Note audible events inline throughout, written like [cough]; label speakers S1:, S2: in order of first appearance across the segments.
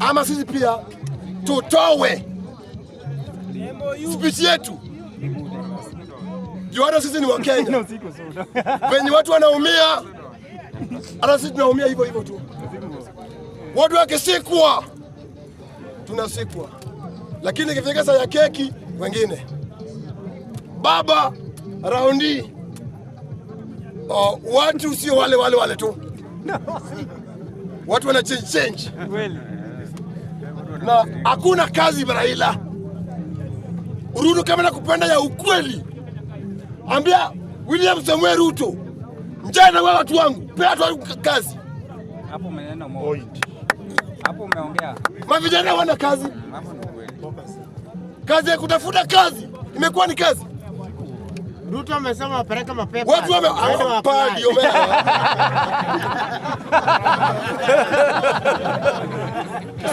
S1: ama sisi pia tutowe spichi yetu juu hata sisi ni Wakenya [laughs] venye watu wanaumia, hata sisi tunaumia hivyo hivyo tu. Watu wakisikwa tunasikwa, lakini ikifika saa ya keki wengine baba raundi watu sio wale wale wale tu [laughs] watu wana change change na hakuna kazi Raila. Ruto kama na kupenda ya ukweli, ambia William Samuel Ruto, njaa na watu wangu, pea watu wangu kazi. Hapo umenena point.
S2: Hapo umeongea.
S1: Mavijana wana kazi, kazi ya kutafuta kazi imekuwa ni kazi
S2: Ruto amesema wapeleke mapepa.
S1: Watu ndio wewe. [laughs]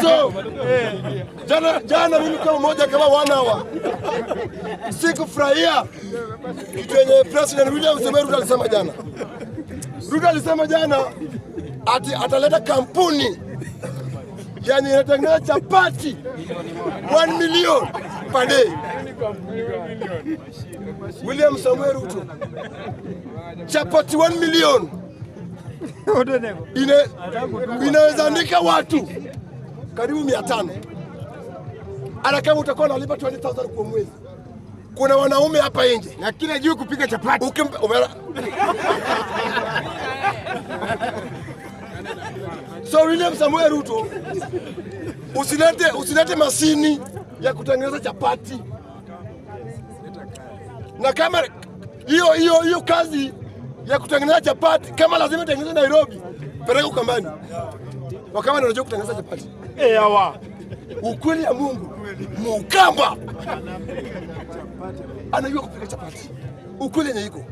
S1: So jana jana mimi kama mmoja kama one hour sikufurahia kitu yenye President William Samoei Ruto alisema jana. Ruto alisema jana ati ataleta kampuni yenye inatengeneza chapati 1 million per day. William Samuel Ruto chapati 1 million ine, inaweza andika watu karibu mia tano hata kama utakuwa unalipa 20,000 kwa mwezi. Kuna wanaume hapa nje na kila juu kupika chapati Ukim, umera... so William Samuel Ruto usilete, usilete masini ya kutengeneza chapati, na kama hiyo hiyo hiyo kazi ya kutengeneza chapati kama lazima itengenezwe Nairobi, peleka Ukambani. Wakamba ndio kutengeneza chapati eh, hawa ukweli ya Mungu. Mukamba anajua kupika chapati, ukweli yenye iko.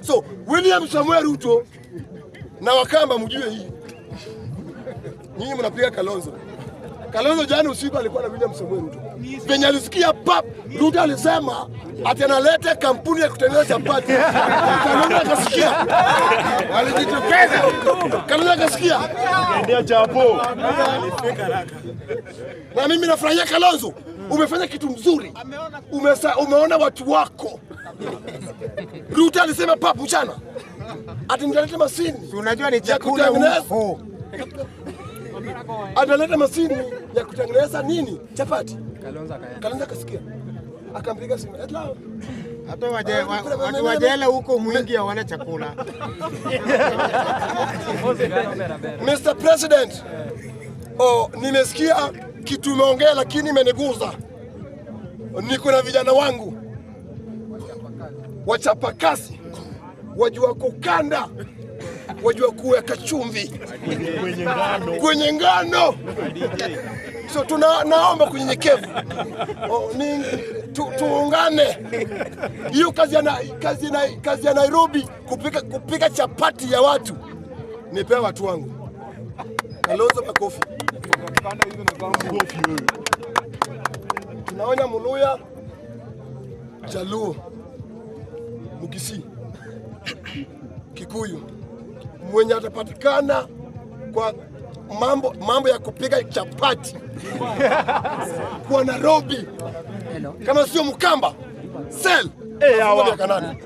S1: So William Samuel Ruto na Wakamba mjue hii, nyinyi mnapiga Kalonzo Kalonzo jana usiku alikuwa na William Samoei Ruto. Venye alisikia pap, Ruto alisema ati analete kampuni ya kutengeneza chapati. Kalonzo akasikia. Alijitokeza. Kalonzo akasikia.
S2: Ndio chapo.
S1: Na mimi nafurahia Kalonzo. Umefanya kitu mzuri. Umesa, umeona watu wako. Ruto alisema pap mchana. Ati nitaleta masini.
S2: Unajua ni chakula huko
S1: analeta masini ya kutengeneza nini chapati. Kalonza akasikia akampiga simu hata
S2: ah, watu wa jela huko mwingi hawana chakula.
S1: [laughs] Mr. President, oh, nimesikia kitu umeongea lakini imeniguza. Niko na vijana wangu wachapakazi wajua kukanda wajua kuweka chumvi kwenye ngano. So tuna, naomba kunyenyekevu tu, tuungane hiyo kazi ya, na, kazi, ya na, kazi ya Nairobi kupika, kupika chapati ya watu nipea watu wangu naloza makofi. Tunaonya Muluya, Jaluo, Mukisi, Kikuyu mwenye atapatikana kwa mambo, mambo ya kupika chapati [laughs] kwa Nairobi kama sio Mkamba sel eh, kanani. [laughs]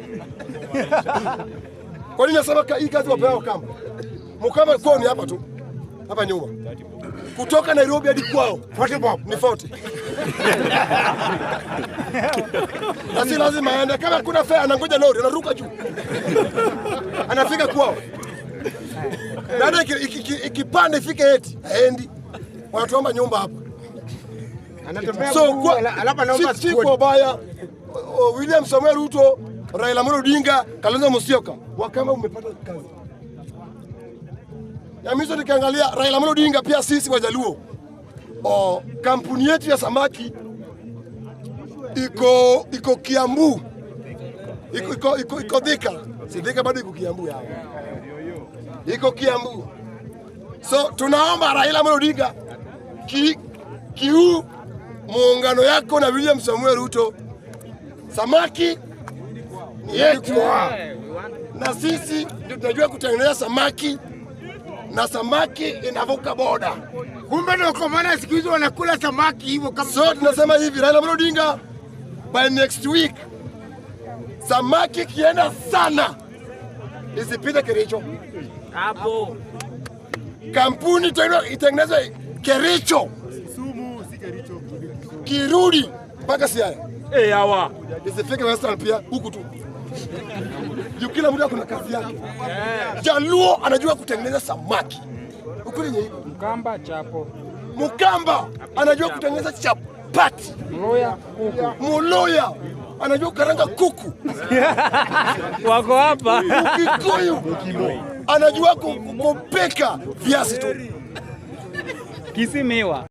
S1: Kwa nini nasema hii kazi wapeao Mkamba? Mkamba kwao ni hapa tu, hapa nyuma kutoka Nairobi hadi kwao ni forty. [laughs] na si lazima aende. Kama kuna fare, anangoja lori, anaruka juu, anafika kwao dada yaani ikipande ifike eti aendi, wanatuomba nyumba hapa. So si kwa baya William Samuel Ruto, Raila Amolo Odinga, Kalonzo Musyoka wakama umepata kazi ya mizo. Nikiangalia Raila Amolo Odinga, pia sisi Wajaluo o, kampuni yetu ya samaki iko iko Kiambu, iko iko iko Thika, si Thika bado iko Kiambu yao iko Kiambu. So tunaomba Raila Amolo Odinga ki, kiu muungano yako na William Samuel Ruto, samaki ni yetu, na sisi ndio tunajua kutengeneza samaki na samaki inavuka boda. Kumbe ndio kwa maana siku hizo wanakula samaki hivyo kama. So tunasema hivi, Raila Amolo Odinga, by next week samaki kienda sana isipite Kericho
S2: hapo.
S1: Kampuni itengenezwe Kericho, Sumu, si Kericho, kirudi mpaka Siaya. Eh, hawa isifike Western pia huku tu juu kila mtu kuna kazi yake. Yeah. Jaluo anajua kutengeneza samaki Ukweli ni nyingi,
S2: Mkamba chapo,
S1: Mkamba anajua kutengeneza chapati,
S2: Mluya kuku,
S1: Mluya anajua karanga kuku
S2: [laughs] wako hapa
S1: Mkikuyu anajua kumpeka viazi tu. Kisimiwa.